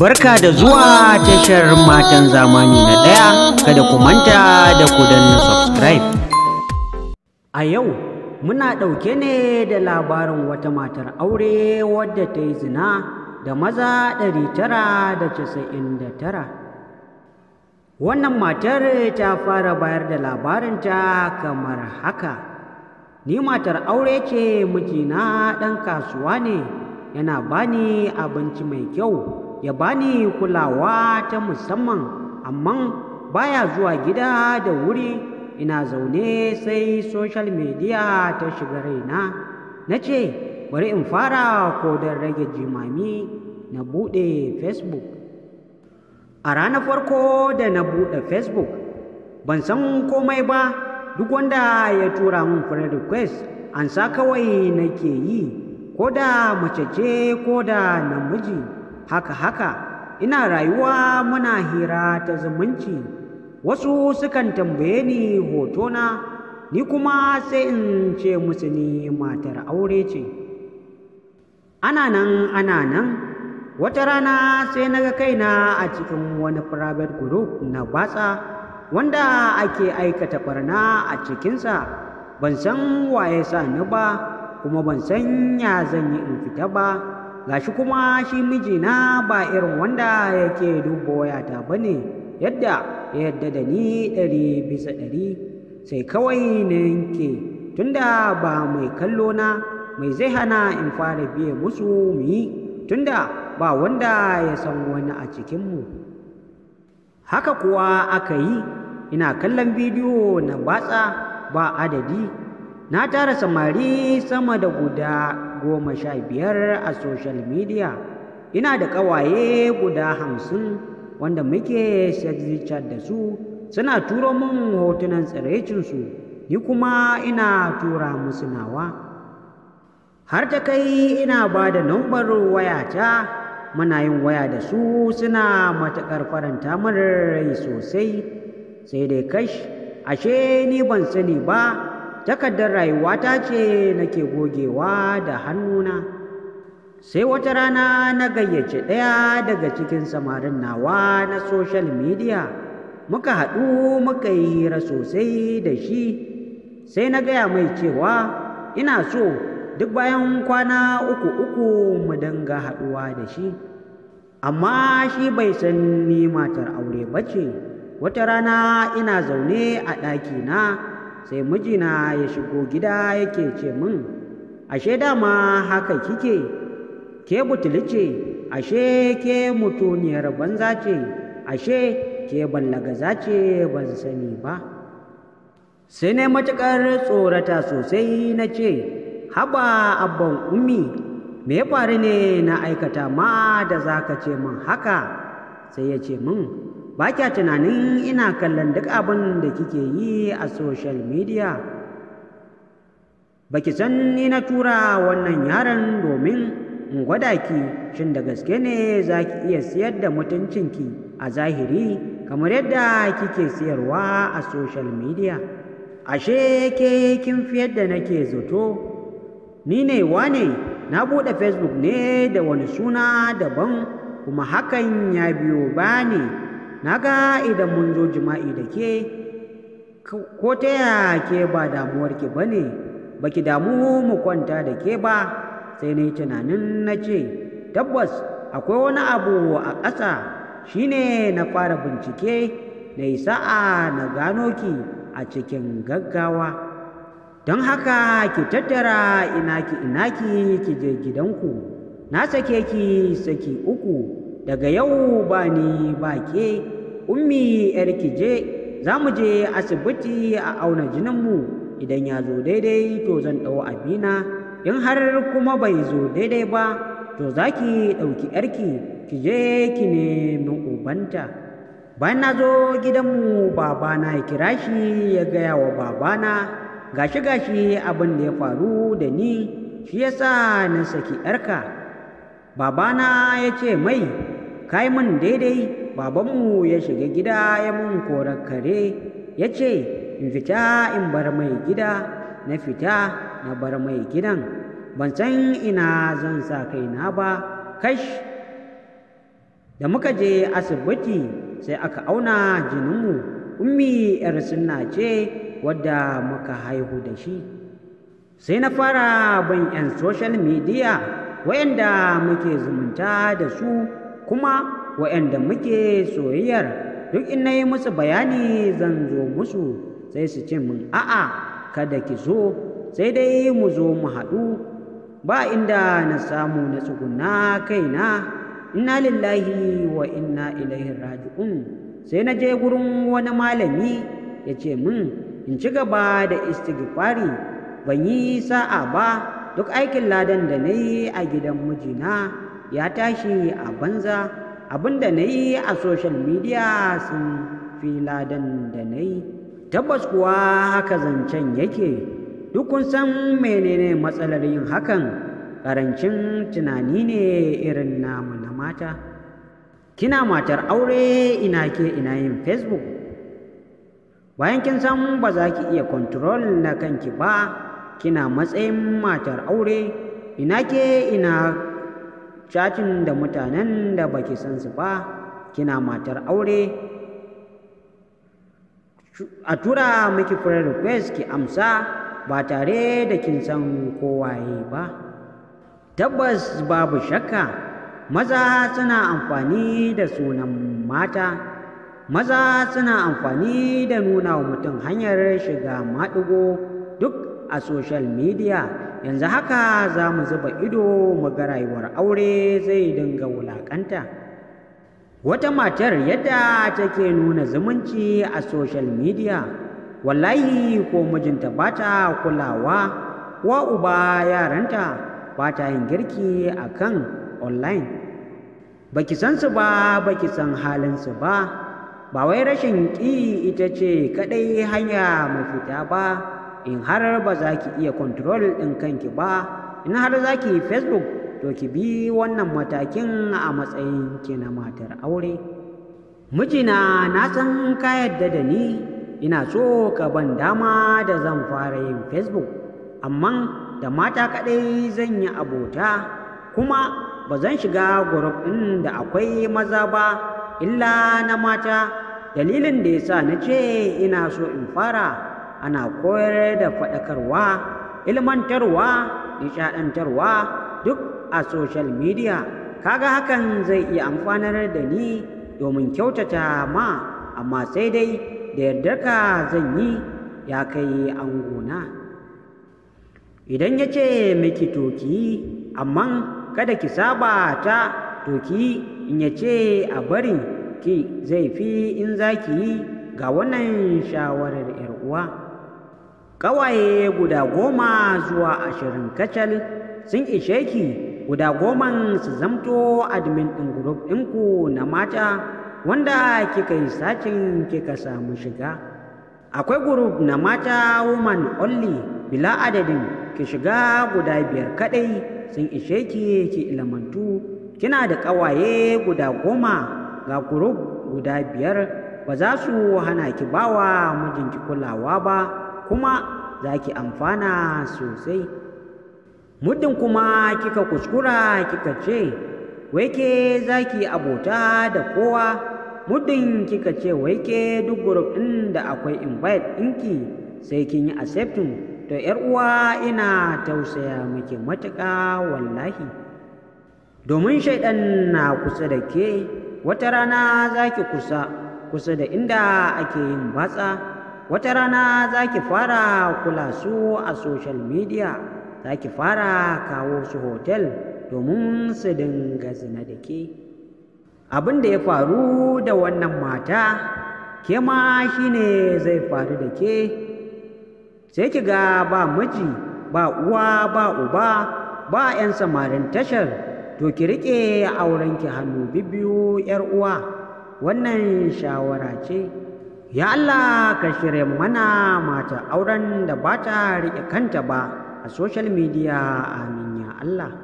Barka da zuwa tashar matan zamani na ɗaya kada ku manta da ku danna subscribe. A yau muna ɗauke ne da labarin wata matar aure wadda ta yi zina da maza 999. Wannan matar ta fara bayar da labarinta kamar haka. Ni matar aure ce mijina ɗan kasuwa ne yana bani abinci mai kyau. ya bani kulawa ta musamman amma baya zuwa gida da wuri ina zaune sai social media ta shiga raina na ce bari in fara ko don rage jimami na buɗe facebook a ranar farko da na buɗe facebook ban san komai ba duk wanda ya tura min friend request an sa kawai nake yi ko da mace ce ko da namiji haka haka ina rayuwa muna hira ta zumunci wasu sukan tambaye ni hotona ni kuma sai in ce musu ni matar aure ce ana nan ana nan wata rana sai na ga kaina a cikin wani private group na batsa wanda ake aikata ɓarna a cikinsa ban san waye sa ni ba kuma ban san ya zan yi in fita ba gashi kuma shi mijina ba irin wanda yake duba wayata ba ne yadda ya yadda da ni ɗari bisa ɗari sai kawai na yanke tunda ba mai kallo na mai zai hana in fara biye musu mu yi tunda ba wanda ya san wani a cikinmu haka kuwa aka yi ina kallon bidiyo na batsa ba adadi na tara samari sama da guda goma sha biyar a social media ina da ƙawaye guda hamsin wanda muke sexy da su suna turo min hotunan tsiraicinsu ni kuma ina tura musu nawa har ta kai ina ba da nambar wayata muna yin waya da su suna matuƙar faranta min rai sosai sai dai kash ashe ni ban sani ba takardar rayuwata ce nake gogewa da hannuna sai wata rana na gayyace ɗaya daga cikin samarin nawa na social media muka haɗu muka yi hira sosai da shi sai na gaya mai cewa ina so duk bayan kwana uku uku mu dinga haɗuwa da shi amma shi bai san ni matar aure ba ce wata rana ina zaune a ɗakina sai mijina ya shigo gida yake ce min ashe dama haka kike ke butuli ce ashe ke mutuniyar banza ce ashe ke ballagaza ce ban sani ba sai na matuƙar tsorata sosai na ce haba abban ummi me ya faru ne na aikata ma da zaka ce min haka sai ya ce min ba kya tunanin ina kallon duk abin da kike yi a social media baki san ni na tura wannan yaron domin in gwada ki shin da gaske ne za ki iya siyar da mutuncinki a zahiri kamar yadda kike siyarwa a social media ashe ke kin fi yadda nake zato ni ne wane na buɗe facebook ne da wani suna daban kuma hakan ya biyo ba ne na ga idan mun zo jima'i da ke ko ta ya ke ba damuwar ki ba ne ba damu mu kwanta da ke ba sai na yi tunanin na ce tabbas akwai wani abu a ƙasa shine na fara bincike na yi sa'a na gano ki a cikin gaggawa don haka ki tattara inaki inaki ki je gidanku na sake ki saki uku daga yau ba ni ba ke ummi yarki je za mu je asibiti a auna jininmu idan ya zo daidai to zan ɗau abina in har kuma bai zo daidai ba to za ki ɗauki yarki ki je ki nemi ubanta bayan na zo gidanmu babana ya kira shi ya gaya wa babana gashi gashi abin da ya faru da ni shi yasa na saki yarka babana ya ce mai kai yi mun daidai babanmu ya shiga gida ya mun korar kare ya ce in fita in bar mai gida na fita na bar mai gidan ban san ina zan sa kaina ba kash da muka je asibiti sai aka auna jininmu ummi yar sunna ce wadda muka haihu da shi sai na fara ban 'yan social media wayanda muke zumunta da su kuma waɗanda muke soyayyar duk in na yi musu bayani zan zo musu sai su ce min a'a kada ki zo sai dai mu zo mu haɗu ba inda na samu na tsuguna kaina inna lillahi wa inna ilaihi raji'un sai na je gurin wani malami ya ce min in ci gaba da istighfari ban yi sa'a ba duk aikin ladan da na yi a gidan mijina ya tashi a banza abinda na yi a social media sun fi ladan da na yi tabbas kuwa haka zancen yake duk kun san menene matsalar yin hakan Karancin tunani ne irin namu na mata kina matar aure ina ke ina yin facebook bayan kin san ba za ki iya control na kanki ba kina matsayin matar aure ina ke ina cacin da mutanen da baki san su ba kina matar aure a tura miki friend request ki amsa ba tare da kin san kowaye ba tabbas babu shakka maza suna amfani da sunan mata maza suna amfani da nuna wa mutum hanyar shiga maɗigo duk a social media yanzu haka za mu zuba ido muga rayuwar aure zai dinga wulaƙanta. wata matar yadda take nuna zumunci a social media wallahi ko mijinta ba ta kulawa wa uba yaranta ba ta yin girki a kan online baki san su ba baki san halinsu ba ba wai rashin ƙi ita ce kaɗai hanya mafita ba in har ba za ki iya control ɗin kanki ba in har za ki facebook to ki bi wannan matakin a matsayin ki na matar aure mijina na san ka yadda da ni ina so ka ban dama da zan fara yin facebook amma da mata kaɗai zan yi abota kuma ba zan shiga group ɗin da akwai maza ba illa na mata dalilin da ya sa na ce ina so in fara ana koyar da faɗakarwa ilmantarwa nishaɗantarwa duk a social media kaga hakan zai iya amfanar da ni domin kyautata ma amma sai dai da ka zan yi ya kai angona idan ya ce miki toki amma kada ki saba ta toki in ya ce a barin ki zai fi in za ki yi ga wannan shawarar 'yar uwa. ƙawaye guda goma zuwa ashirin kacal sun ishe ki guda goman su zamto admin ɗin group ɗinku na mata wanda kika yi sacin kika samu shiga akwai group na mata woman only bila adadin ki shiga guda biyar kaɗai sun ishe ki ki ilamantu kina da ƙawaye guda goma ga group guda biyar ba za su hana ki bawa mijinki kulawa ba kuma za ki amfana sosai muddin kuma kika kuskura kika ce wai ke za ki abota da kowa muddin kika ce wai ke duk group ɗin da akwai invite ɗinki sai kin yi accepting to yar uwa ina tausaya muke matuka, wallahi domin shaidan na kusa da ke wata rana za ki kusa kusa da inda ake yin batsa wata rana za ki fara kula su a social media za ki fara kawo su hotel domin su dinga zina da ke abin da ya faru da wannan mata ke ma shi ne zai faru da ke sai ki ga ba miji ba uwa ba uba ba 'yan samarin tashar to ki riƙe ki hannu bibiyu 'yar uwa wannan shawara ce ya Allah ka shirya mana mata auren da ba ta riƙe kanta ba a social media amin ya Allah